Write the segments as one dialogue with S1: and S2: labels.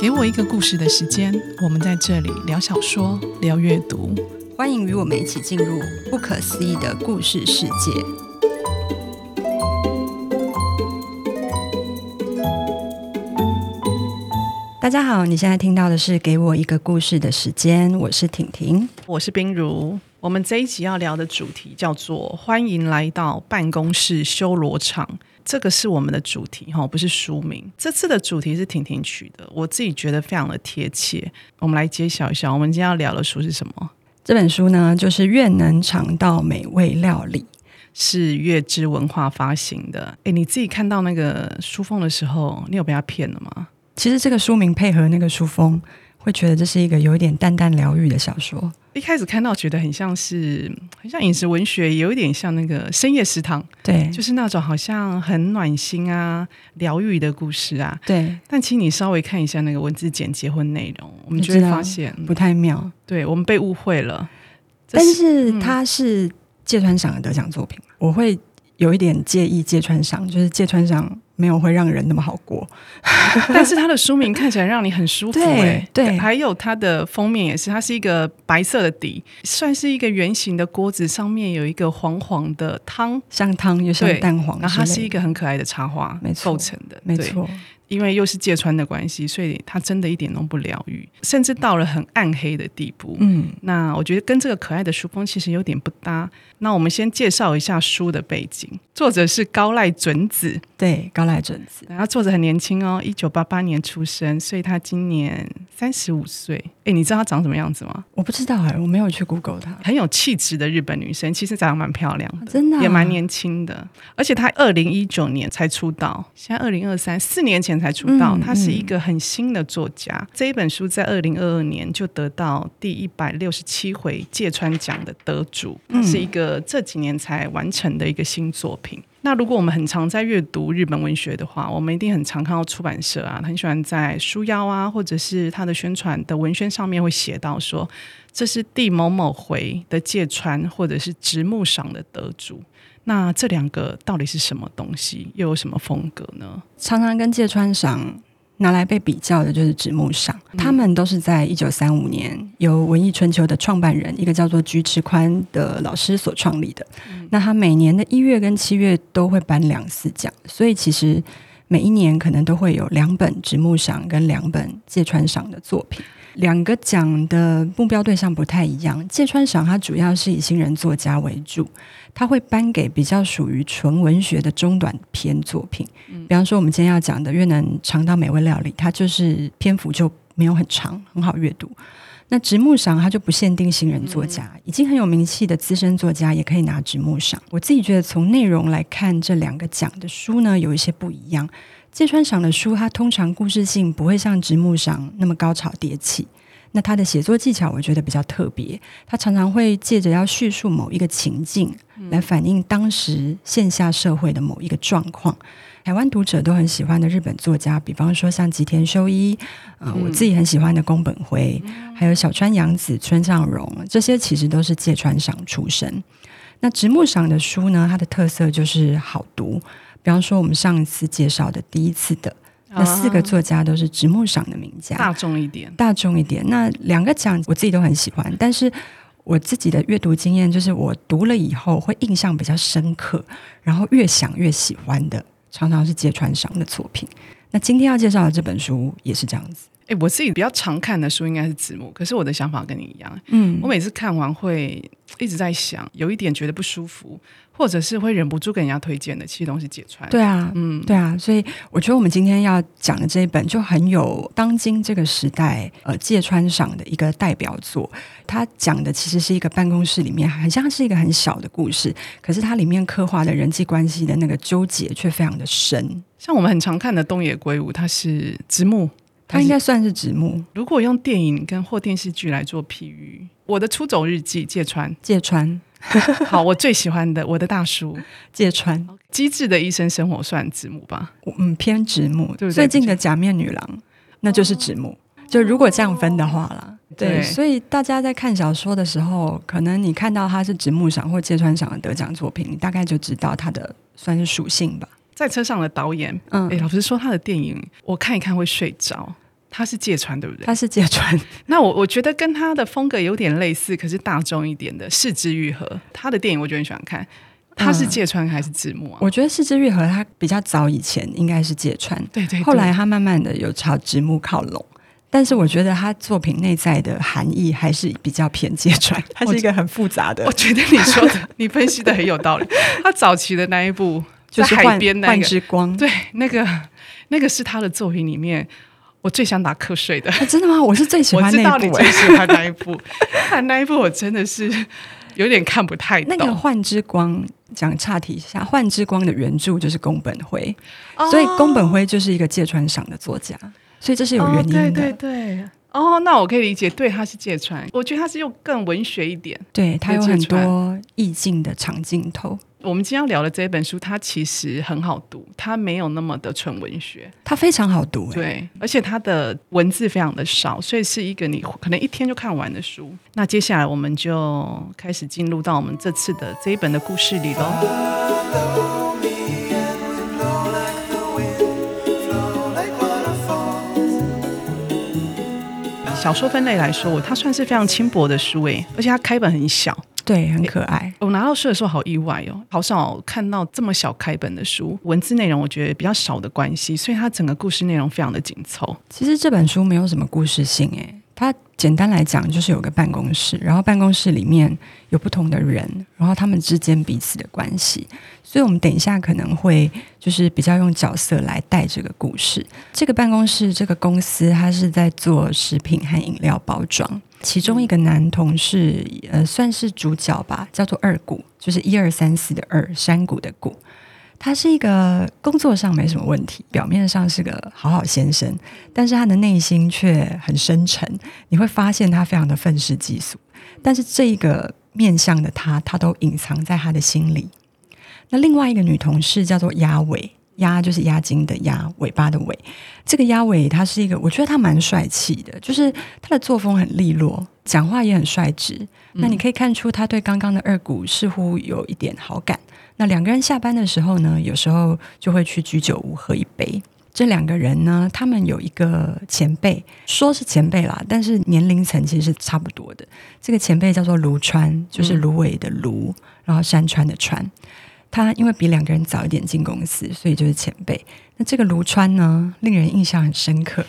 S1: 給我一個故事的時間，我們在這裡聊小說、聊閱讀，歡迎與我們一起進入不可思議的故事世界。
S2: 大家好，你現在聽到的是《給我一個故事的時間》，我是婷婷，
S1: 我是冰如，我們這一集要聊的主題叫做《歡迎來到辦公室修羅場》。這個是我們的主題哈，不是書名。這次的主題是婷婷取的，我自己覺得非常的貼切。我們來揭曉一下，我們今天要聊的書是什麼？這本書呢，就是《願能嚐到美味料理》，是悅知文化發行的。誒，你自己看到那個書封的時候，你有被他騙了嗎？
S2: 其實這個書名配合那個書封。會覺得這是一個有一點淡淡療癒的小說。
S1: 一開始看到覺得很像是，很像飲食文學，有點像那個深夜食堂。對，就是那種好像很暖心啊、療癒的故事啊。對，但請你稍微看一下那個文字簡介或內容，我們就會發現不太妙。對，我們被誤會了。是，
S2: 但是它是芥川賞的得獎作品，嗯、我會。有一點介意芥川賞，就是芥川賞沒有會讓人那麼好過，
S1: 但是它的書名看起來讓你很舒服欸，對，對，還有它的封面也是，它是一個白色的底，算是一個圓形的鍋子，上面有一個黃黃的湯，像湯又像蛋黃，對，然後它是一個很可愛的插畫，構成的，沒錯。沒錯因為又是芥川的關係，所以他真的一點都不療癒，甚至到了很暗黑的地步。嗯，那我覺得跟這個可愛的書風其實有點不搭。那我們先介紹一下書的背景，作者是高瀨隼子。對，高瀨隼子。然後作者很年輕哦，一九八八年出生，所以她今年三十五歲。哎，你知道她長什麼樣子嗎？我不知道哎，我沒有去 Google 她。很有氣質的日本女生，其實長得蠻漂亮的，啊、真的、啊，也蠻年輕的。而且她二零一九年才出道，現在二零二三，四年前。才出道，他是一個很新的作家。嗯嗯、這一本書在二零二二年就得到第一百六十七回芥川獎的得主，是一個這幾年才完成的一個新作品。嗯、那如果我們很常在閱讀日本文學的話，我們一定很常看到出版社啊，很喜歡在書腰啊，或者是他的宣傳的文宣上面會寫到說，這是第某某回的芥川或者是直木賞的得主。那這兩個到底是什麼東西？又有什麼風格呢？
S2: 常常跟芥川賞拿來被比較的就是直木賞，嗯、他們都是在一九三五年由《文藝春秋》的創辦人一個叫做菊池寬的老師所創立的。嗯、那他每年的一月跟七月都會頒兩次獎，所以其實每一年可能都會有兩本直木賞跟兩本芥川賞的作品。兩個獎的目標對象不太一樣。芥川賞它主要是以新人作家為主，他會頒給比較屬於純文學的中短篇作品。嗯、比方說，我們今天要講的願能嚐到美味料理，它就是篇幅就沒有很長，很好閱讀。那直木賞它就不限定新人作家，嗯、已經很有名氣的資深作家也可以拿直木賞。我自己覺得從內容來看，這兩個獎的書呢，有一些不一樣。芥川賞的書它通常故事性不會像直木賞那麼高潮迭起，那他的寫作技巧我覺得比較特別，他常常會借着要敘述某一個情境來反映當時現下社會的某一個狀況。嗯嗯台灣讀者都很喜歡的日本作家，比方說像吉田修一，啊、嗯，我自己很喜歡的宮本輝，還有小川洋子、村上榮，這些其實都是芥川賞出身。那直木賞的書呢，它的特色就是好讀。比方說我們上一次介紹的第一次的那四個作家，都是直木賞的名家，嗯、大眾一點，大眾一點。那兩個獎我自己都很喜歡，但是我自己的閱讀經驗就是我讀了以後會印象比較深刻，然後越想越喜歡的。常常是芥川賞的作品。那今天要介紹的這本書也是這樣子。哎、
S1: 欸，我自己比較常看的書應該是直木賞，可是我的想法跟你一樣。嗯，我每次看完會一直在想，有一點覺得不舒服。或者是會忍不住跟人家推薦的，其實都是芥川。對啊，
S2: 嗯，對啊，所以我覺得我們今天要講的這一本，就很有當今這個時代呃芥川賞的一個代表作。它講的其實是一個辦公室裡面，很像是一個很小的故事，可是它裡面刻畫的人際關係的那個糾結卻非常的深。
S1: 像我們很常看的東野圭吾，他是直木，他是應該
S2: 算是直木。
S1: 如果用電影跟或電視劇來做譬喻，《我的出走日記》芥川，芥川。 好，我最喜歡的我的大叔芥川，機智的醫生生活算直木吧，嗯，偏直木。對不對？最近的假面女郎
S2: 那就是直木。哦、就如果這樣分的話了。哦、對，對，所以大家在看小說的時候，可能你看到他是直木賞或芥川賞的得獎作品，你大概就知道他的算是屬性吧。
S1: 在車上的導演，嗯，誒，老實說，他的電影我看一看會睡着。他是芥川，對不對？他是芥川。那我我覺得跟他的風格有點類似，可是大眾一點的《四之愈合是枝裕和》他的電影，我覺得很喜歡看。嗯、他是芥川還是直木
S2: 啊？我覺得《是枝裕和》他比較早以前應該是芥川，對，對對。後來他慢慢的有朝直木靠攏，但是我覺得他作品內在的含義還是比較偏芥
S1: 川， 我他是一個很複雜的。我，我覺得你說的， 你分析的很有道理。他早期的那一部就是海邊那一個幻之光，對，那個那個是他的作品裡面。我最想打瞌睡的。欸，真的嗎？我是最喜歡那一部。我知道你最喜歡那一部，那一部我真的是有點看不太懂。那個《幻之光》講，岔題一下，《幻
S2: 之光》的原著就是宮本輝，哦、所以宮本輝就是一個芥川賞的作家，
S1: 所以這是有原因的。哦、對，對，對。哦，oh, 那我可以理解，對，他是芥川，我覺得他是又更文學一點，對，他有很多
S2: 意境的長鏡頭。
S1: 傳我們今天要聊的這一本書，它其實很好讀，它沒有那麼的純文學，它非常好讀，對，而且它的文字非常的少，所以是一個你可能一天就看完的書。 那接下來我們就開始進入到我們這次的這一本的故事裡嘍。啊啊小說分類來說，它算是非常輕薄的書誒，而且它開本很小，對，很可愛。欸，我拿到書的時候好意外哦，好少看到這麼小開本的書，文字內容我覺得比較少的關係，所以它整個故事內容非常的緊湊。
S2: 其實這本書沒有什麼故事性誒。它簡單來講就是有個辦公室，然後辦公室裡面有不同的人，然後他們之間彼此的關係。所以我們等一下可能會就是比較用角色來帶這個故事。這個辦公室這個公司它是在做食品和飲料包裝，其中一個男同事呃算是主角吧，叫做二谷，就是一二三四的二，山谷的谷。他是一個工作上沒什麼問題，表面上是個好好先生，但是他的內心卻很深沉。你會發現他非常的憤世嫉俗，但是這一個面向的他，他都隱藏在他的心裡。那另外一個女同事叫做押尾。押就是押金的押，尾巴的尾。這個押尾它是一個，我覺得他蠻帥氣的，就是他的作風很利落，講話也很率直。嗯、那你可以看出他對剛剛的二谷似乎有一點好感。那兩個人下班的時候呢，有時候就會去居酒屋喝一杯。這兩個人呢，他們有一個前輩，說是前輩啦，但是年齡層其實是差不多的。這個前輩叫做蘆川，就是蘆葦的蘆，然後山川的川。他因為比兩個人早一點進公司，所以就是前輩。那這個蘆川呢，令人印象很深刻，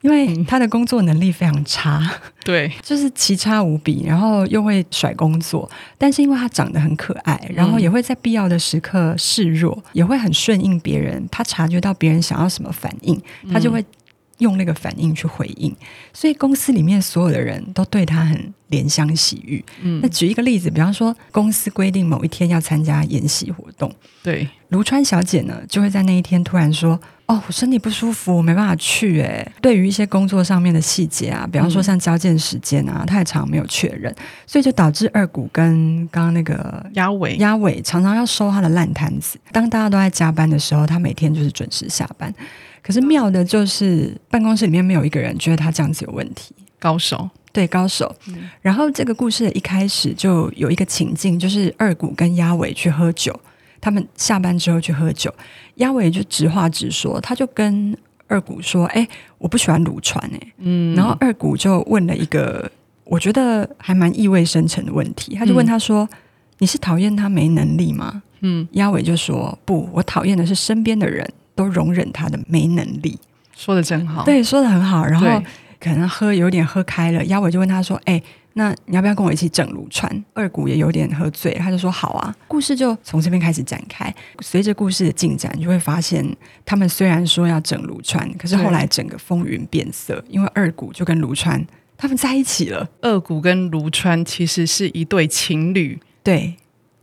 S2: 因為他的工作能力非常差，對，就是奇差無比，然後又會甩工作。但是因為他長得很可愛，然後也會在必要的時刻示弱，嗯、也會很順應別人。他察覺到別人想要什麼反應，他就會用那個反應去回應。所以公司裡面所有的人都對他很。憐香惜玉。嗯，那舉一個例子，比方說公司規定某一天要參加演習活動，對，蘆川小姐呢就會在那一天突然說：“哦，我身體不舒服，我沒辦法去。”誒，對於一些工作上面的細節啊，比方說像交件時間啊太長、嗯、沒有確認，所以就導致二谷跟剛剛那個押尾押尾，常常要收她的爛攤子。當大家都在加班的時候，她每天就是準時下班。可是妙的就是辦公室裡面沒有一個人覺得她這樣子有問題，高手。對，高手，然後這個故事的一開始就有一個情境，就是二谷跟押尾去喝酒，他們下班之後去喝酒，押尾就直話直說，他就跟二谷說：“哎、欸，我不喜歡蘆川、欸，哎，嗯。”然後二谷就問了一個我覺得還蠻意味深長的問題，他就問他說：“嗯、你是討厭他沒能力嗎？”嗯，押尾就說：“不，我討厭的是身邊的人都容忍他的沒能力。”說得真好，對，說得很好。然後。可能喝有點喝開了，押尾就問他說：“哎、欸，那你要不要跟我一起整蘆川？”二谷也有點喝醉，他就說：“好啊。”故事就從這邊開始展開。隨着故事的進展，你就會發現他們雖然說要整蘆川，可是後來整個風雲變色，對因為二谷就跟蘆川
S1: 他們在一起了。二谷跟蘆川其實是一對情侶。對，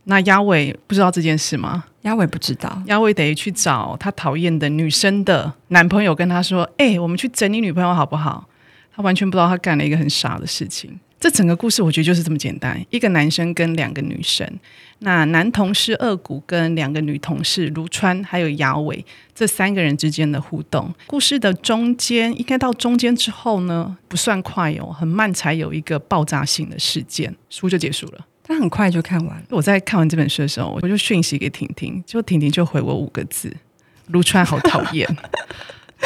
S1: 那押尾不知道這件事嗎？押尾不知道，押尾得去找他討厭的女生的男朋友，跟他說：“哎、欸，我們去整你女朋友好不好？”他完全不知道他幹了一個很傻的事情。這整個故事我覺得就是這麼簡單：一個男生跟兩個女生，那男同事二谷跟兩個女同事蘆川還有押尾這三個人之間的互動。故事的中間應該到中間之後呢，不算快哦，很慢才有一個爆炸性的事件，書就結束了。他很快就看完。我在看完這本書的時候，我就訊息給婷婷，就婷婷就回我五個字：“蘆川好討厭。”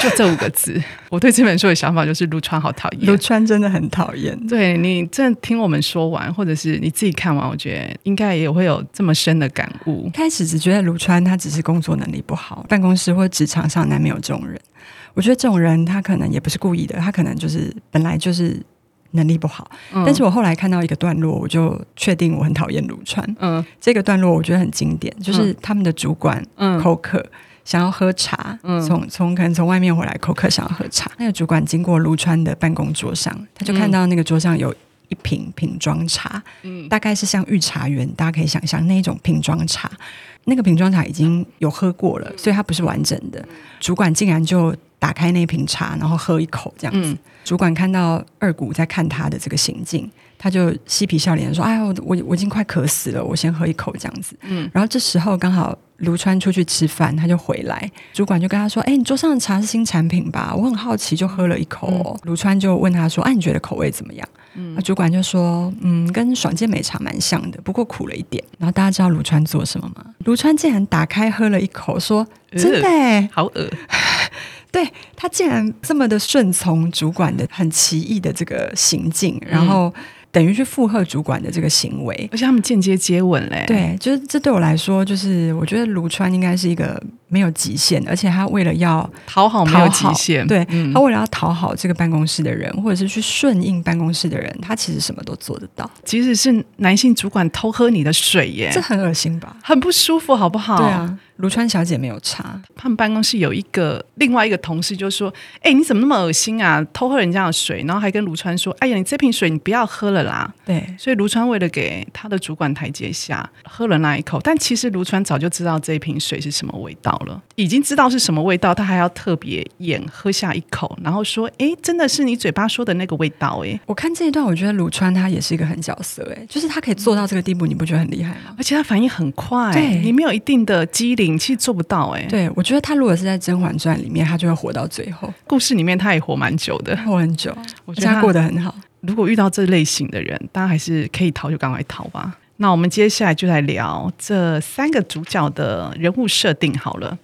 S1: 就這五個字，我對這本書的想法就是：蘆川好討厭，蘆川真的很討厭。對，你這樣聽我們說完，或者是你自己看完，我覺得應該也會有這麼深的感悟。開始只覺得蘆川他只
S2: 是工作能力不好，辦公室或職場上難免有這種人。我覺得這種人他可能也不是故意的，他可能就是本來就是能力不好。嗯。但是我後來看到一個段落，我就確定我很討厭蘆川。嗯，這個段落我覺得很經典，就是他們的主管口渴，嗯，嗯，苛想要喝茶，從從可能從外面回來口渴，想要喝茶。那個主管經過蘆川的辦公桌上，他就看到那個桌上有一瓶瓶裝茶，嗯，大概是像御茶園，大家可以想象那種瓶裝茶。那個瓶裝茶已經有喝過了，所以它不是完整的。主管竟然就打開那瓶茶，然後喝一口，這樣子。嗯，主管看到二谷在看他的這個行徑，他就嬉皮笑臉說：“哎呀，我我我已經快渴死了，我先喝一口，這樣子。”嗯，然後這時候剛好。蘆川出去吃飯，他就回來。主管就跟他說：“誒、欸，你桌上的茶是新產品吧？我很好奇，就喝了一口，哦。嗯”蘆川就問他說：“誒、啊、你覺得口味怎麼樣？”那、嗯、主管就說：“嗯，跟爽健美茶蠻像的，不過苦了一點。”然後大家知道蘆川做什麼嗎？蘆川竟然打開喝了一口，說：“呃、真的、欸，
S1: 好惡噁！”
S2: 對，他竟然這麼的順從主管的很奇異的這個行徑，嗯、然後。等於去附和主管的這個行為，而且他們間接接吻嘞。對，就是這對我來說，就是我覺得蘆川應該是一個沒有極限，而且他為了要討好，討好沒有極限，對、嗯、他為了要討好這個辦公室的人，或者是去順應辦公室的人，他其實什麼都做得到。即使是
S1: 男性主管偷喝你的水耶，這很噁心吧？很不舒服，好不好？對啊。蘆川小姐沒有查，他們辦公室有一個另外一個同事就說：“哎，你怎麼那麼惡心啊？偷喝人家的水，然後還跟蘆川說：‘哎呀，你這瓶水你不要喝了啦。’對，所以蘆川為了給他的主管台階下，喝了那一口。但其實蘆川早就知道這瓶水是什麼味道了，已經知道是什麼味道，他還要特別演喝下一口，然後說：‘哎，真的是你嘴巴說的那個味道、欸。’誒。我看這一段，我覺得蘆川他也是一個狠角色、欸，
S2: 誒，就是他可以做到這個地步，你不覺得很厲害嗎？而且他反應很快、欸，
S1: 對你沒有一定的機靈。摒棄做不到哎、欸，對，我覺得他如果是在《甄嬛傳》裡面，他就會活到最後。故事裡面他也活蠻久的，活很久，我覺得他過得很好。如果遇到這類型的人，大家還是可以逃就趕快逃吧。那我們接下來就來聊這三個主角的人物設定好了。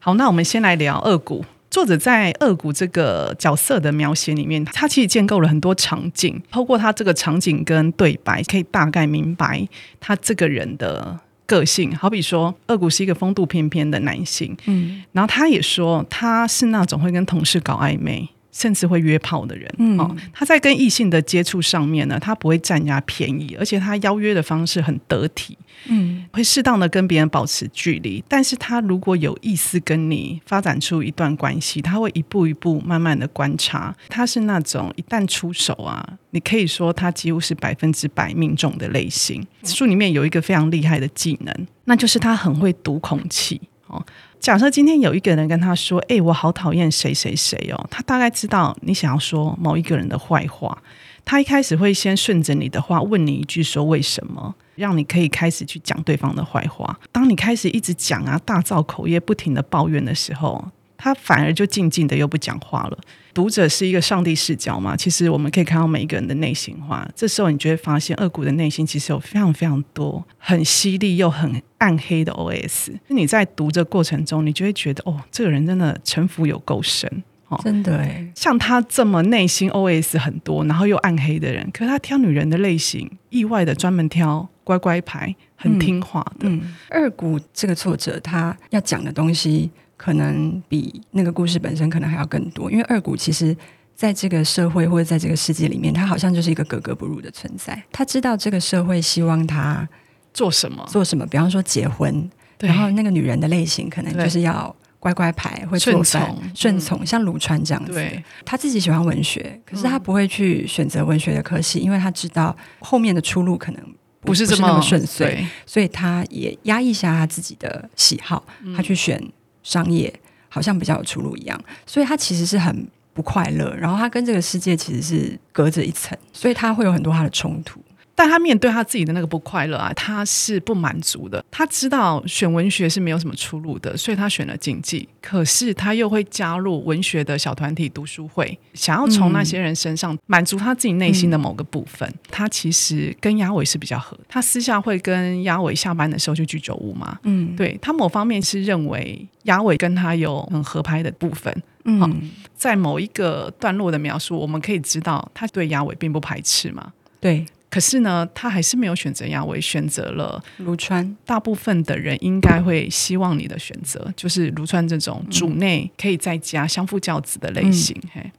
S1: 好，那我們先來聊二谷。作者在二谷這個角色的描寫裡面，他其實建構了很多場景，透過他這個場景跟對白，可以大概明白他這個人的個性好比說，二谷是一個風度翩翩的男性，嗯，然後他也說他是那種會跟同事搞曖昧。甚至會約炮的人，嗯、哦，他在跟異性的接觸上面呢，他不會占人家便宜，而且他邀約的方式很得體，嗯，會適當的跟別人保持距離。但是他如果有意思跟你發展出一段關係，他會一步一步慢慢的觀察。他是那種一旦出手啊，你可以說他幾乎是百分之百命中的類型。書、嗯、裡面有一個非常厲害的技能，那就是他很會讀空氣，哦。假設今天有一個人跟他說：“欸，我好討厭誰誰誰哦。”他大概知道你想要說某一個人的壞話，他一開始會先順着你的話，問你一句說為什麼，讓你可以開始去講對方的壞話。當你開始一直講啊，大造口業，不停的抱怨的時候，他反而就靜靜的又不講話了。讀者是一個上帝視角嘛？其實我們可以看到每一個人的內心話。這時候你就會發現，二谷的內心其實有非常非常多、很犀利又很暗黑的 OS。你在讀的過程中，你就會覺得，哦，這個人真的城府有夠深哦，真的、欸、像他這麼內心 OS 很多，然後又暗黑的人，可是他挑女人的類型，意外的專門挑乖乖牌、很聽話的。嗯嗯嗯、二谷這個作者，他
S2: 要講的東西。可能比那個故事本身可能還要更多，因為二谷其實在這個社會或者在這個世界裡面，他好像就是一個格格不入的存在。他知道這個社會希望他做什麼做什麼，比方說結婚，對然後那個女人的類型可能就是要乖乖牌，會順從順從、嗯、順從，像蘆川這樣子。他對自己喜歡文學，可是他不會去選擇文學的科系，嗯、因為他知道後面的出路可能
S1: 不，不是這麼，不是那麼順遂，
S2: 對所以他也壓抑下他自己的喜好，他去選。商業好像比較有出路一樣，所以他其實是很不快樂，然後他跟這個世界其實是隔着一層，所以他會有很多他的衝突。
S1: 但他面對他自己的那個不快樂啊，他是不滿足的。他知道選文學是沒有什麼出路的，所以他選了經濟。可是他又會加入文學的小團體讀書會，想要從那些人身上滿足他自己內心的某個部分。嗯、他其實跟押尾是比較合。他私下會跟押尾下班的時候去居酒屋嘛。嗯，對他某方面是認為押尾跟他有很合拍的部分。嗯，在某一個段落的描述，我們可以知道他對押尾並不排斥嘛。對。可是呢，他還是沒有選擇押尾，選擇了蘆川。大部分的人應該會希望你的選擇，就是蘆川這種主內可以在家相夫教子的類型，嘿、嗯，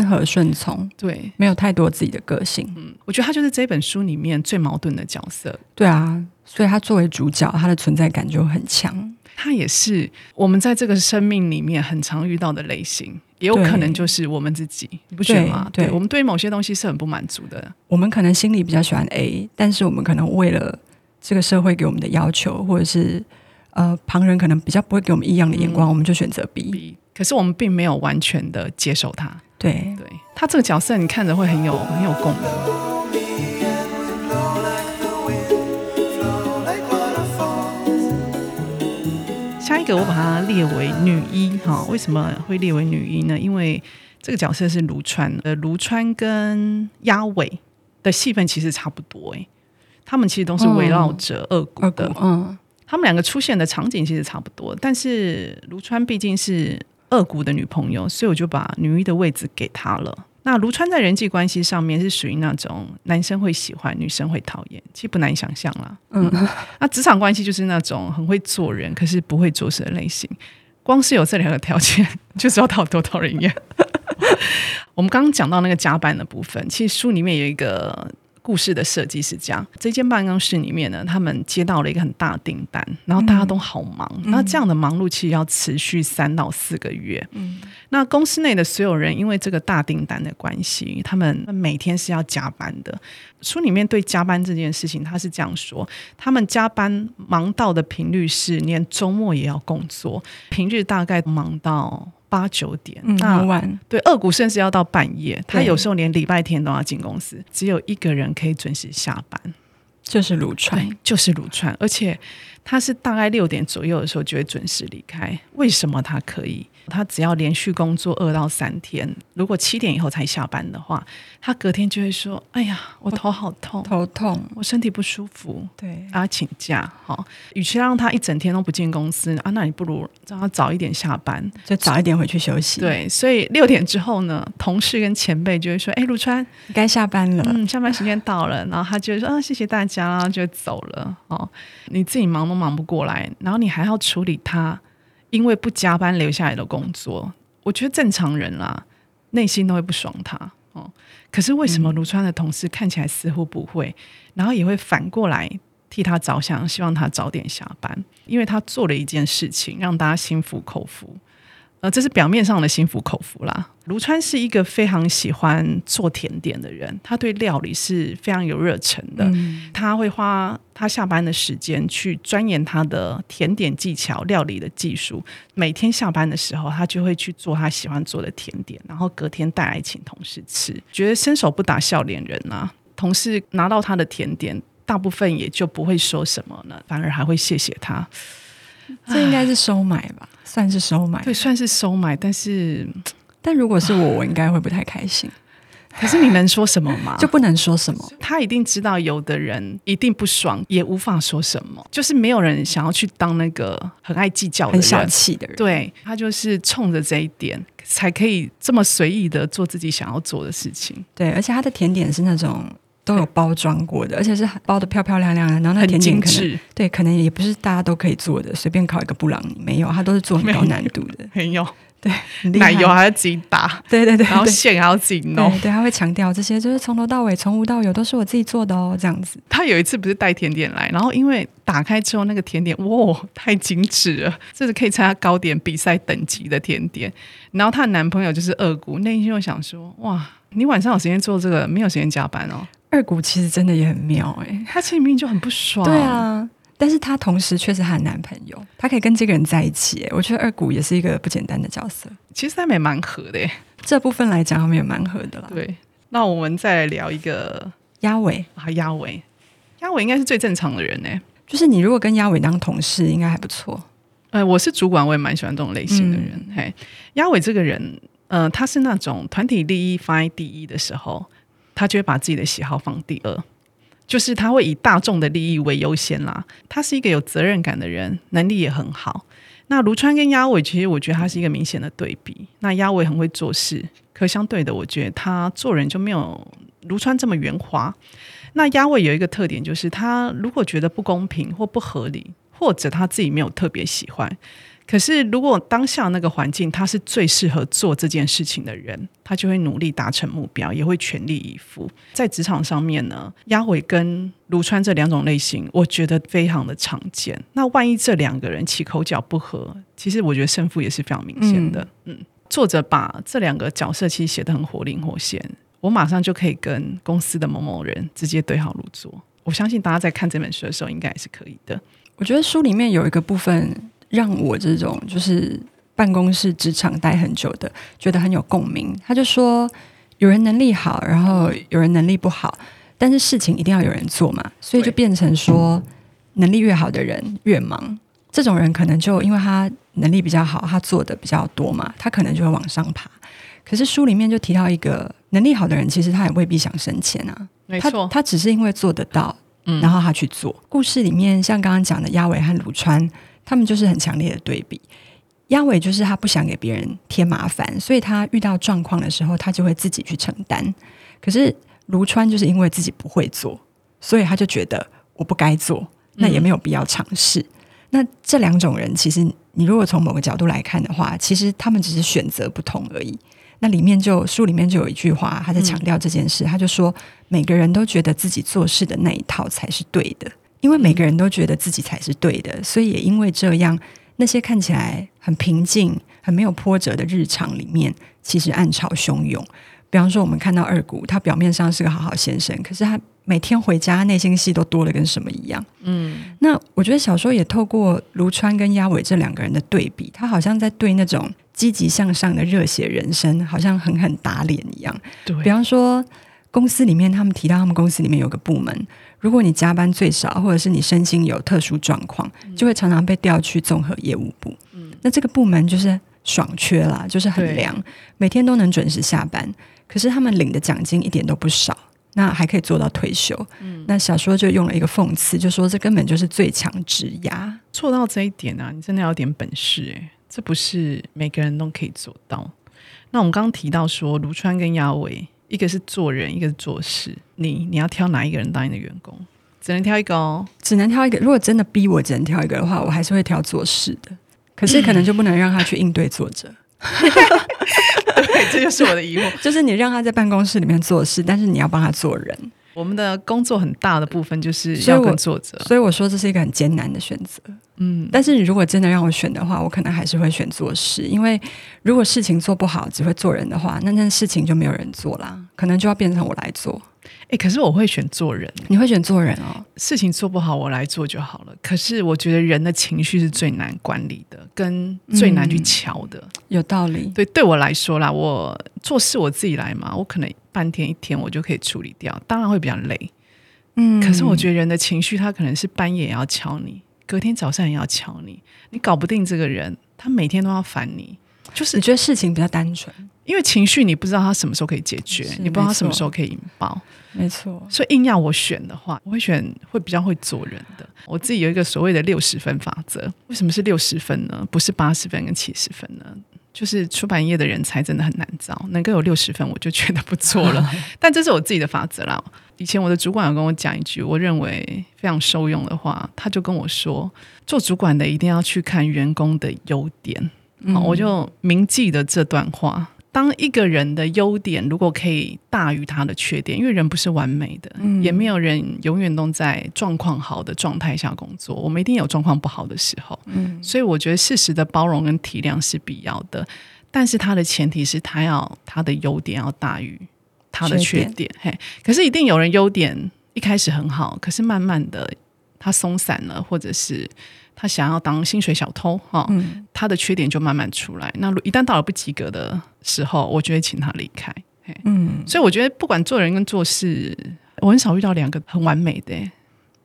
S1: 溫和順從，對，沒有太多自己的個性。嗯，我覺得他就是這本書裡面最矛盾的角色。
S2: 對啊，所以他作為主角，他的存在感就很強。
S1: 他也是我們在這個生命裡面很常遇到的類型。也有可能就是我們自己。對你不選嗎對？對，我們對某些東西是很不滿足的。
S2: 我們可能心裡比較喜歡 A，但是我們可能為了這個社會給我們的要求，或者是呃旁人可能比
S1: 較不會給我們異樣的眼光，嗯、我們就選擇 B。B, 可是我們並沒有完全的接受它。對，對他這個角色，你看着會很有很有共鳴。嗯列為女一哈、哦，為什麼會列為女一呢？因為這個角色是盧川，呃，盧川跟押尾的戲份其實差不多誒、欸。他們其實都是圍繞着二谷的，嗯，他們兩個出現的場景其實差不多，但是盧川畢竟是二谷的女朋友，所以我就把女一的位置給他了。那蘆川在人際關係上面是屬於那種男生會喜歡，女生會討厭，其實不難想象啦。嗯，嗯，那職場關係就是那種很會做人，可是不會做事的類型。光是有這兩個條件，就知道他有多討人厭。 我們剛剛講到那個加班的部分，其實書裡面有一個。故事的設計是這樣，這間辦公室裡面呢，他們接到了一個很大訂單，然後大家都好忙。嗯、那這樣的忙碌其實要持續三到四個月。嗯，那公司內的所有人因為這個大訂單的關係，他們每天是要加班的。書裡面對加班這件事情，他是這樣說：他們加班忙到的頻率是連週末也要工作，平日大概忙到。八九點，那、嗯、他很晚，對，二谷甚至要到半夜。他有時候連禮拜天都要進公司，對只有一個人可以準時下班，就是蘆川對，就是蘆川。而且他是大概六點左右的時候就會準時離開。為什麼他可以？他只要連續工作二到三天，如果七點以後才下班的話，他隔天就會說：“哎呀，我頭好痛，頭痛，我身體不舒服。”對，啊，請假。好、哦，與其讓他一整天都不進公司啊，那你不如讓他早一點下班，再早一點回去休息。對，所以六點之後呢，同事跟前輩就會說：“哎、欸，蘆川，該下班了，嗯，下班時間到了。”然後他就會說：“啊、嗯，謝謝大家，然後就走了。”哦，你自己忙都忙不過來，然後你還要處理他。因為不加班留下來的工作，我覺得正常人啦、啊，內心都會不爽他哦。可是為什麼蘆川的同事看起來似乎不會，嗯、然後也會反過來替他着想，希望他早點下班，因為他做了一件事情，讓大家心服口服。呃，這是表面上的心服口服啦。蘆川是一個非常喜歡做甜點的人，他對料理是非常有熱忱的。嗯、他會花他下班的時間去鑽研他的甜點技巧、料理的技術。每天下班的時候，他就會去做他喜歡做的甜點，然後隔天帶來請同事吃。覺得伸手不打笑臉人吶、啊，同事拿到他的甜點，大部分也就不會說什麼了，反而還會謝謝他。這應該是收買吧，唉算是收買。對，算是收買，但是，但如果是我，唉我應該會
S2: 不太開心。可是你能說什麼嗎？ 就不能說什麼。
S1: 他一定知道，有的人一定不爽，也無法說什麼。就是沒有人想要去當那個很愛計較的人、很小氣的人。對，他就是衝着這一點，才可以這麼隨意的做自己想要做的事情。
S2: 對，而且他的甜點是那種。都有包裝過的，而且是包得漂漂亮亮的。然後它甜點可能很精緻對，可能也不是大家都可以做的。隨便烤一個布朗尼沒有，他都是做很高難度的，
S1: 沒有很有對奶油還要自己打，對，對對對，然後線還要緊哦，對，他
S2: 會強調這些，就是從頭到尾，從無到有，都是我自己做的哦。這樣子，
S1: 他有一次不是帶甜點來，然後因為打開之後那個甜點哇，太精緻了，這是可以參加糕點比賽等級的甜點。然後她的男朋友就是二谷，內心又想說哇，你晚上有時間做這個，沒有時間加班哦。
S2: 二谷其實真的也很妙，誒、欸，他其實明明就很不爽，對啊，但是他同時確實還有男朋友，他可以跟這個人在一起誒、欸。我覺得二谷也是一個不簡單的角色，
S1: 其實他們也蠻合的、欸，
S2: 這部分來講他們也蠻
S1: 合的啦。對，那我們再來聊一個押尾啊，押尾，押尾應該是最正常的人誒、欸。
S2: 就是你如果跟押尾當同事應該還不錯，
S1: 誒、呃。我是主管，我也蠻喜歡這種類型的人，嗯、嘿，押尾這個人，嗯、呃，他是那種團體利益放在第一的時候。他就會把自己的喜好放第二，就是他會以大眾的利益為優先啦。他是一個有責任感的人，能力也很好。那蘆川跟押尾其實我覺得他是一個明顯的對比。那押尾很會做事，可相對的，我覺得他做人就沒有蘆川這麼圓滑。那押尾有一個特點，就是他如果覺得不公平或不合理，或者他自己沒有特別喜歡。可是，如果當下那個環境，他是最適合做這件事情的人，他就會努力達成目標，也會全力以赴。在職場上面呢，押尾跟盧川這兩種類型，我覺得非常的常見。那萬一這兩個人起口角不合，其實我覺得勝負也是非常明顯的。嗯，嗯，作者把這兩個角色其實寫得很活靈活現，我馬上就可以跟公司的某某人直接對號入座。我相信大家在看這本書的時候，應該也是可以的。
S2: 我覺得書裡面有一個部分。讓我這種就是辦公室職場待很久的，覺得很有共鳴。他就說，有人能力好，然後有人能力不好，但是事情一定要有人做嘛，所以就變成說，能力越好的人越忙。對這種人可能就因為他能力比較好，他做的比較多嘛，他可能就會往上爬。可是書裡面就提到一個能力好的人，其實他也未必想升遷啊。沒錯他，他只是因為做得到，然後他去做。嗯、故事裡面像剛剛講的押尾和蘆川。他們就是很強烈的對比，押尾就是他不想給別人添麻煩，所以他遇到狀況的時候，他就會自己去承擔。可是蘆川就是因為自己不會做，所以他就覺得我不該做，那也沒有必要嘗試。嗯、那這兩種人，其實你如果從某個角度來看的話，其實他們只是選擇不同而已。那裡面就書裡面就有一句話，他在強調這件事，嗯、他就說每個人都覺得自己做事的那一套才是對的。因為每個人都覺得自己才是對的，所以也因為這樣，那些看起來很平靜、很沒有波折的日常裡面，其實暗潮洶湧。比方說，我們看到二谷，他表面上是個好好先生，可是他每天回家內心戲都多了跟什麼一樣。嗯，那我覺得小說也透過蘆川跟押尾這兩個人的對比，他好像在對那種積極向上的熱血人生，好像狠狠打臉一樣。對，比方說公司裡面，他們提到他們公司裡面有個部門。如果你加班最少，或者是你身心有特殊狀況，就會常常被調去綜合業務部。嗯、那這個部門就是爽缺啦，就是很涼，對每天都能準時下班。可是他們領的獎金一點都不少，那還可以做到退休。嗯、那小說就用
S1: 了一個諷刺，就說這根本就是最強職壓做到這一點啊，你真的有點本事哎、欸，這不是每個人都可以做到。那我們剛剛提到說，蘆川跟押尾。一個是做人，一個是做事。你你要挑哪一個人當你的員工？只能挑一個哦，
S2: 只能挑一個。如果真的逼我只能挑一個的話，我還是會挑做事的。可是可能就不能讓他去應對作者。
S1: 對，這就是我的疑惑。 就是
S2: 你讓他在辦公室裡面做事，但是你要幫他做人。
S1: 我們的工作很大的部分就是要跟作者。所以，所
S2: 以我說這是一個很艱難的選擇。嗯，但是你如果真的讓我選的話，我可能還是會選做事，因為如果事情做不好，只會做人的話，那件事情就沒有
S1: 人做啦，可能就要變成我來做。哎、欸，可是我會選做人。你會選做人哦。事情做不好，我來做就好了。可是我覺得人的情緒是最難管理的，跟最難去喬的、嗯。有道理。對，對我來說啦，我做事我自己來嘛，我可能半天一天我就可以處理掉，當然會比較累。嗯，可是我覺得人的情緒，他可能是半夜也要喬你。隔天早上也要敲你，你搞不定這個人，他每天都要煩你。就是你覺得事情比較單純，因為情緒你不知道他什麼時候可以解決，你不知道他什麼時候可以引爆。沒錯，所以硬要我選的話，我會選會比較會做人的。我自己有一個所謂的六十分法則，為什麼是六十分呢？不是八十分跟七十分呢？就是出版業的人才真的很難招，能夠有六十分我就覺得不錯了。 但這是我自己的法則啦。以前我的主管有跟我講一句，我認為非常受用的話，他就跟我說：做主管的一定要去看員工的優點。嗯、好，我就銘記了這段話。當一個人的優點如果可以大於他的缺點，因為人不是完美的，嗯、也沒有人永遠都在狀況好的狀態下工作，我們一定有狀況不好的時候。嗯、所以我覺得適時的包容跟體諒是必要的，但是他的前提是，他要他的優點要大於他的缺點。缺點。嘿，可是一定有人優點一開始很好，可是慢慢的他鬆散了，或者是。他想要當薪水小偷哈，他的缺點就慢慢出來。嗯、那一旦到了不及格的時候，我就會請他離開。嗯，所以我覺得不管做人跟做事，我很少遇到兩個很完美的，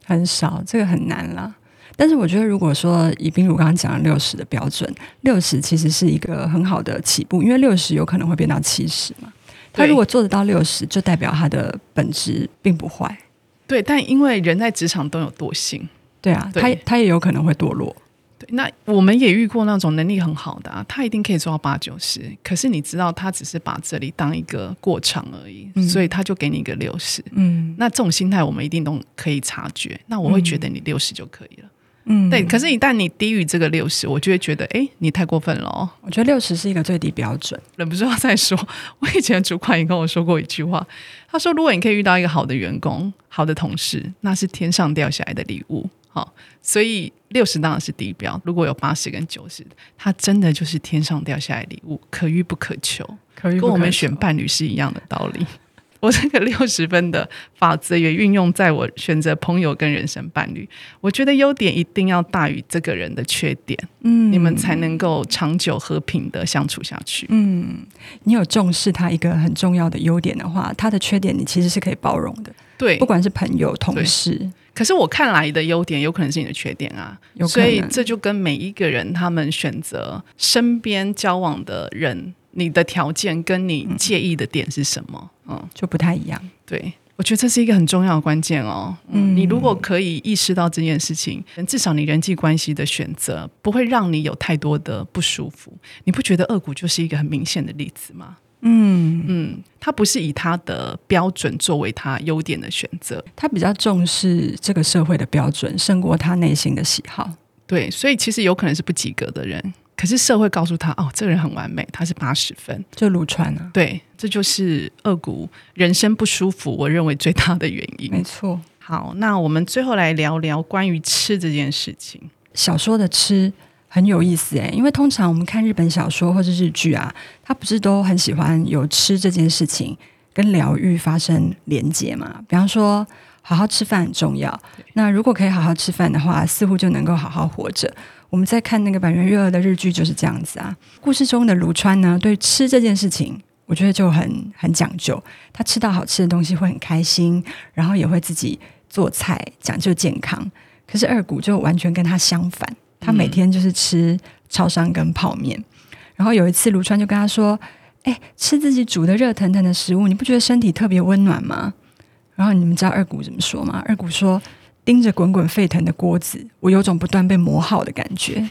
S1: 很少，這個很難啦。
S2: 但是我覺得，如果說以冰如剛剛講的六十的標準，六十其實是一個很好的起步，因為六十有可能會變到七十嘛。對他如果做得到六十，就代表他的本質並不壞。
S1: 對，但因為人在職場都有惰性。
S2: 對啊，對，他他也有可能會墮落。
S1: 對，那我們也遇過那種能力很好的啊，他一定可以做到八九十，可是你知道，他只是把這裡當一個過程而已，嗯，所以他就給你一個六十。嗯，那這種心態我們一定都可以察覺。那我會覺得你六十就可以了。嗯，對。可是一旦你低於這個六十，我就會覺得，哎，你太過分了哦。我覺得六十是一個最低標準，忍不住要再說。我以前主管也跟我說過一句話，他說，如果你可以遇到一個好的員工、好的同事，那是天上掉下來的禮物。好，所以六十當然是底標。如果有八十跟九十，它真的就是天上掉下來的禮物，可遇不可求。可遇不可求。跟我們選伴侶是一樣的道理。 我這個六十分的法則也運用在我選擇朋友跟人生伴侶。我覺得優點一定要大於這個人的缺點，嗯，你們才能夠長久和平地相處下去。嗯，你有重視他一
S2: 個很重要的優點的話，他的缺點你其實是可以包容的。對，不管是朋
S1: 友、同事。可是我看來的優點，有可能是你的缺點啊，所以這就跟每一個人他們選擇身邊交往的人，你的條件跟你介意的點是什麼，嗯，嗯，就不太一樣。對，我覺得這是一個很重要的關鍵哦。嗯，嗯，你如果可以意識到這件事情，至少你人際關係的選擇不會讓你有太多的不舒服。你不覺得二谷就是一個很明顯的例子嗎？嗯嗯，他不是以他的標準作為他優點的選擇，
S2: 他比較重視這個社會的標準勝過他內心的喜好。
S1: 對，所以其實有可能是不及格的人，可是社會告訴他，哦，這個人很完美，他是八十分。就蘆川啊，對，這就是二谷人生不舒服，我認為最大的原因。沒錯。好，那我們最後來聊聊關於吃這件事情，
S2: 小說的吃。很有意思誒、欸，因為通常我們看日本小說或者日劇啊，他不是都很喜歡有吃這件事情跟療癒發生連結嘛？比方說，好好吃飯很重要。對那如果可以好好吃飯的話，似乎就能夠好好活着。我們在看那個坂元裕二的日劇就是這樣子啊。故事中的盧川呢，對吃這件事情，我覺得就很很講究。他吃到好吃的東西會很開心，然後也會自己做菜，講究健康。可是二谷就完全跟他相反。他每天就是吃超商跟泡麵，然後有一次蘆川就跟他說：“哎、欸，吃自己煮的熱騰騰的食物，你不覺得身體特別溫暖嗎？”然後你們知道二谷怎麼說嗎？二谷說：“盯着滾滾沸騰的鍋子，我有種不斷被磨耗的感覺，欸、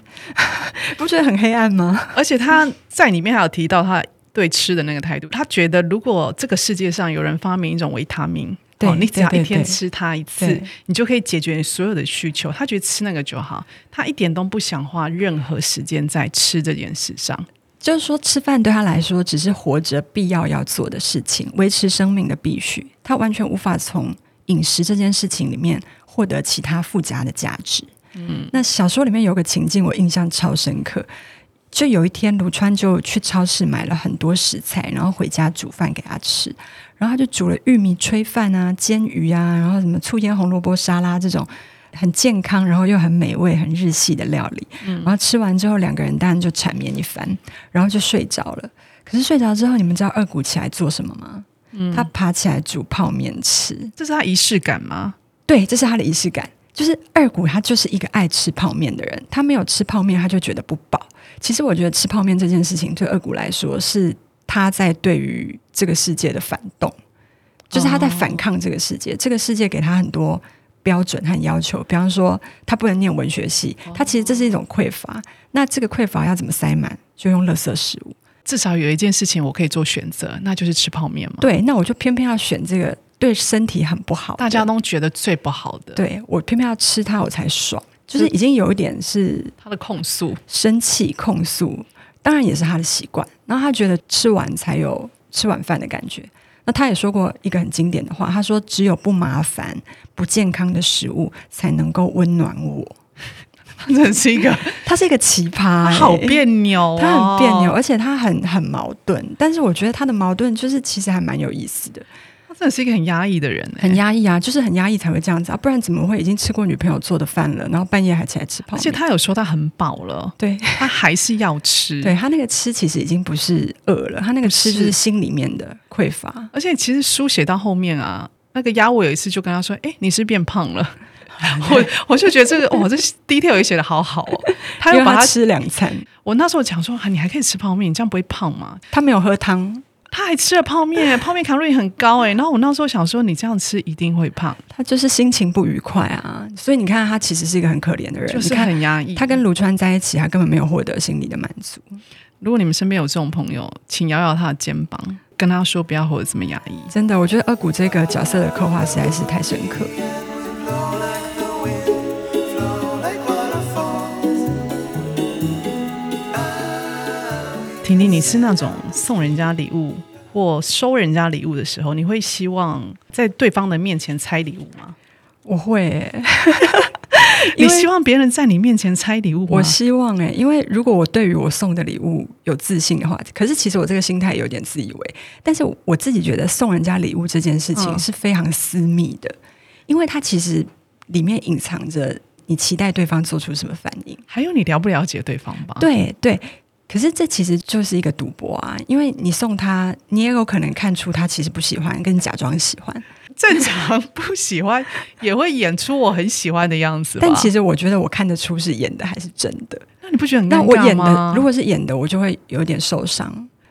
S2: 不覺得很黑暗嗎？”
S1: 而且他在裡面還有提到他對吃的那個態度，他覺得如果這個世界上有人發明一種維他命。哦、你只要一天吃它一次，對對對對，你就可以解決你所有的需求。對他覺得吃那個就好，他一點都不想花任何時間在吃這件事上。就是說，吃飯
S2: 對他來說只是活着必要要做的事情，維持生命的必須。他完全無法從飲食這件事情裡面獲得其他附加的價值。嗯，那小說裡面有個情境，我印象超深刻。就有一天，蘆川就去超市買了很多食材，然後回家煮飯給他吃。然後他就煮了玉米炊飯啊，煎魚啊，然後什麼醋醃紅蘿蔔沙拉這種很健康，然後又很美味，很日系的料理。嗯，然後吃完之後，兩個人當然就纏綿一番，然後就睡着了。可是睡着之後，你們知道二谷起來做什麼嗎？嗯，他爬起來煮泡面吃，
S1: 這是他儀式感嗎？
S2: 對，這是他的儀式感。就是二谷他就是一個愛吃泡面的人，他沒有吃泡面他就覺得不飽。其實我覺得吃泡面這件事情對二谷來說是。他在對於這個世界的反動，就是他在反抗這個世界。Oh. 這個世界給他很多標準和要求，比方說他不能念文學系，oh. 他其實，這是一種匱乏。那這個匱乏要
S1: 怎麼塞滿？就用垃圾食物。至少有一件事情我可以做選擇，那就是吃泡麵嘛。對，
S2: 那我就偏偏要選這個，對身體很不好，大家都覺得最不好的。對，我偏偏要吃它，我才爽。就是已經有一點是他的控訴，生氣控訴，當然也是他的習慣。然後他覺得吃完才有吃晚飯的感覺。那他也說過一個很經典的話，他說：“只有不麻煩、不健康的食物才能夠溫暖我。 ”這是一個， 他是一個奇葩欸，他好彆
S1: 扭哦，他很彆扭，
S2: 而且他很很矛盾。但是我覺得他的矛盾就是其實還蠻有意思的。真的是一個很壓抑的人、欸，很壓抑啊，就是很壓抑才會這樣子啊，不然怎麼會已經吃過女朋友做的飯了，然後半夜還起來吃泡麵？而且他有說他很飽了，對，他還是要吃，對他那個吃其實已經不是餓了，他那個吃就是心裡面的匱乏。
S1: 是而且其實書寫到後面啊，那個押尾有一次就跟他說，哎、欸，你是，是變胖了， 我我就覺得這個，哦，這 detail 也寫得好好、哦，他又把它吃兩餐，我那時候講說，啊，你還可以吃泡麵，你這樣不會胖嗎？他沒有喝湯。他還吃了泡麵，泡麵卡路里很高哎、欸。然後我那時候想說，你這樣吃一定會胖。
S2: 他就是心情不愉快啊，所以你看他其實是一個很可憐的人，就是他很壓抑。他跟蘆川在一起，他根本沒有獲得心理
S1: 的滿足。如果你們身邊有這種朋友，請搖搖他的肩膀，跟他說不要活得這麼壓抑。真的，我覺得二谷這個角色的刻畫實在是太深刻。你你是那種送人家禮物或收人家禮物的時候，你會希望在對方的面前拆禮物嗎？我會。你希望別人在你面前拆禮物嗎？我希望誒、欸，因為如果我對
S2: 於我送的禮物有自信的話，可是其實我這個心態有點自以為。但是我自己覺得送人家禮物這件事情是非常私密的，因為它其實裡面隱藏着你期待對方做出什麼反應，還有你了不了解對方吧？對對。對可是這其實就是一個賭博啊，因為你送他，你也有可能看出他其實不喜歡，跟你假裝喜歡。
S1: 正常不喜歡 也會演出我很喜歡的樣子。但其
S2: 實我覺得我看得出是演的還是真的。那你不覺得很尷尬嗎？我演的，如果是演的，我就會有點受傷，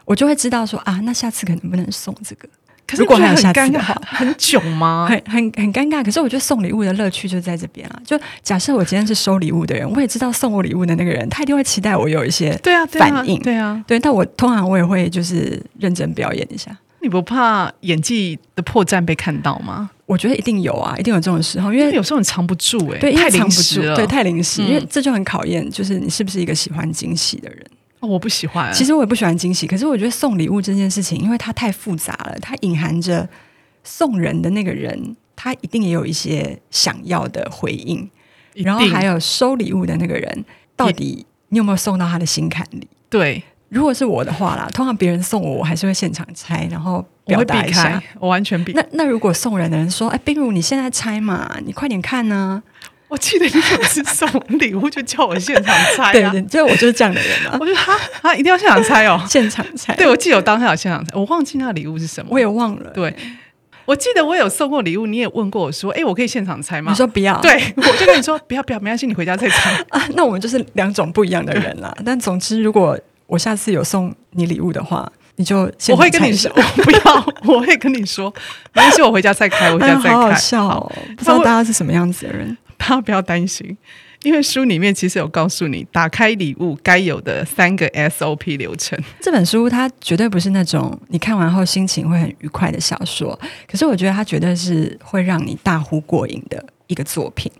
S2: 我就會知道說啊，那下次可能不能送這個。
S1: 很尬，如果還有下次的，
S2: 很囧嗎？很很很尷尬。可是我覺得送禮物的樂趣就在這邊了、啊。就假設我今天是收禮物的人，我也知道送我禮物的那個人，他一定會期待我有一些反應，對啊反應。對啊，對，啊對。但我通常我也會就是認真表演一下。你不怕演技的破綻被看到嗎？我覺得一定有啊，一定有這種時候，因為有時候你藏不
S1: 住、欸、對，太臨時了藏不住，對，太臨時。嗯、因為
S2: 這就很考驗，就是你是不是一個喜歡驚喜的
S1: 人。哦、我不喜歡、啊，其實
S2: 我也不喜歡驚喜。可是我覺得送禮物這件事情，因為它太複雜了，它隱含着送人的那個人，他一定也有一些想要的回應，
S1: 一定。然後還有
S2: 收禮物的那個人，到底你有沒有送到他的心坎裡？對，如果是我的話啦，通常別人送我，我還是會現場拆，然後表達一下，我會避開，我完全避開。那那如果送人的人說：“哎，冰如，你現在拆嘛，你快點看呢、啊。”
S1: 我記得你每次送禮物，就叫我現場猜啊！ 對,對,對，就我就是這樣的人啊。我覺得他他一定要現場猜哦，現場猜。對，我記得我當時有現場猜，我忘記那個禮物是什麼，我也忘了。對，我記得我有送過禮物，你也問過我說：“哎、欸，我可以現場猜嗎？”你說：“不要。”對，我就跟你說：“不要，不要，沒關係，你回家再猜 啊。”那我們就是兩種不一樣的人了、啊。對但總之，
S2: 如果我下次有送你禮物的話，你就現場猜我會跟你說，
S1: 我不要，我會跟你說，沒關係，我回家再開，我回家再開。啊、好,好笑哦，不知道大家是什麼樣子的人。大家不要不要擔心，因為書裡面其實有告訴你，打開禮物該有的三個 SOP 流程。
S2: 這本書它絕對不是那種你看完後心情會很愉快的小說，可是我覺得它絕對是會讓你大呼過癮的一個作品。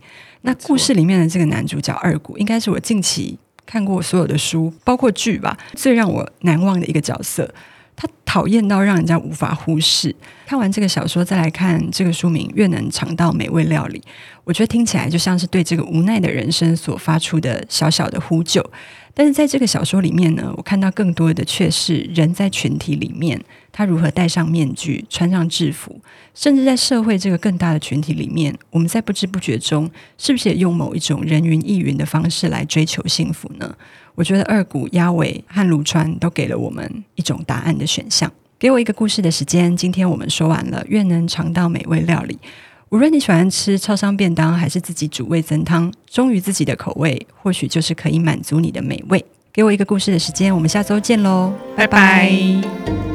S2: 那故事裡面的這個男主角二谷，應該是我近期看過所有的書，包括劇吧，最讓我難忘的一個角色。他討厭到讓人家無法忽視。看完這個小說，再來看這個書名《願能嚐到美味料理》，我覺得聽起來就像是對這個無奈的人生所發出的小小的呼救。但是在這個小說裡面呢，我看到更多的卻是人在群體裡面，他如何戴上面具、穿上制服，甚至在社會這個更大的群體裡面，我們在不知不覺中是不是也用某一種人云亦云的方式來追求幸福呢？我覺得二谷、押尾和蘆川都給了我們一種答案的選項。給我一個故事的時間，今天我們說完了。願能嚐到美味料理，無論你喜歡吃超商便當還是自己煮味噌湯，忠於自己的口味，或許就是可以滿足你的美味。給我一個故事的時間，我們下週見嘍，拜拜。拜拜。